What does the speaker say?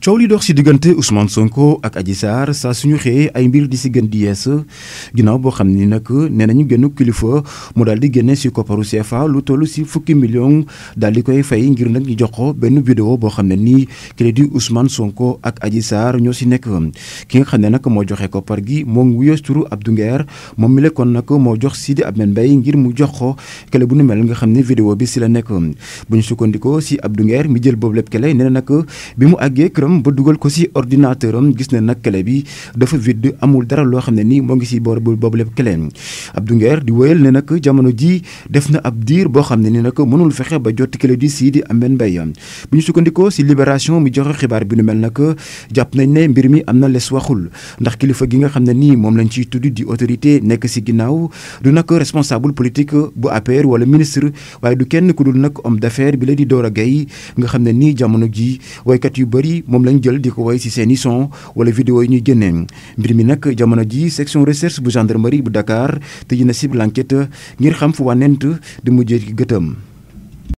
coow li dox si diggante Ousmane Sonko ak aji saar saa suñu xëyee ay mbir di si gën di yees ginnaaw boo xam ni nag nee nañu génn kilifa mu daal di génne si kopparu CFA lu toll si fukki million daal di koy fay ngir nag ñu jox ko benn vidéo boo xam ne nii kii di Sonko ak Adji Sarr ñoo si nekk ki nga xam ne nag moo joxe koppar gi moom wuyees turu Abdou Nguer moom mi lekkoon nag moo jox Sidi Ahmed mbay ngir mu jox ko kële bu nu mel nga xam ne vidéo bi si la nekk bu ñu sukkandikoo si Abdou Nguer mi jël boobu lépp kële nee na mu àggee am ba dugal ko si ordinateur am gis na nag clé bi dafa vide amul dara loo xam ne nii moo ngi si boor boobu lépp clé Abdou Nguer di wéyal ne nag jamono ji def na ab diir boo xam ne ni nag mënul fexe ba jot clé di sii di Ahmed Mbaye bu ñu sukkandikoo si libération mu joxe xibaar bi nu mel nag jàpp nañ ne mbir mi am na les waxul ndax kilifa gi nga xam ne nii moom lañ ciy tudd di autorité nekk si ginnaaw du nak responsable politique bu APR wala ministre waaye du kenn ku dul nag homme d'affaires bi la di Dora Gaye nga xam ne nii jamono ji waykat yu bëri moom moom lañ jël di ko woy si seen i son wala vidéo yi ñuy génnee mbir mi nag jamono ji section recherche bu gendarmerie bu Dakar tëj na cible ngir xam fu wànnent di mujjee ci gëtëm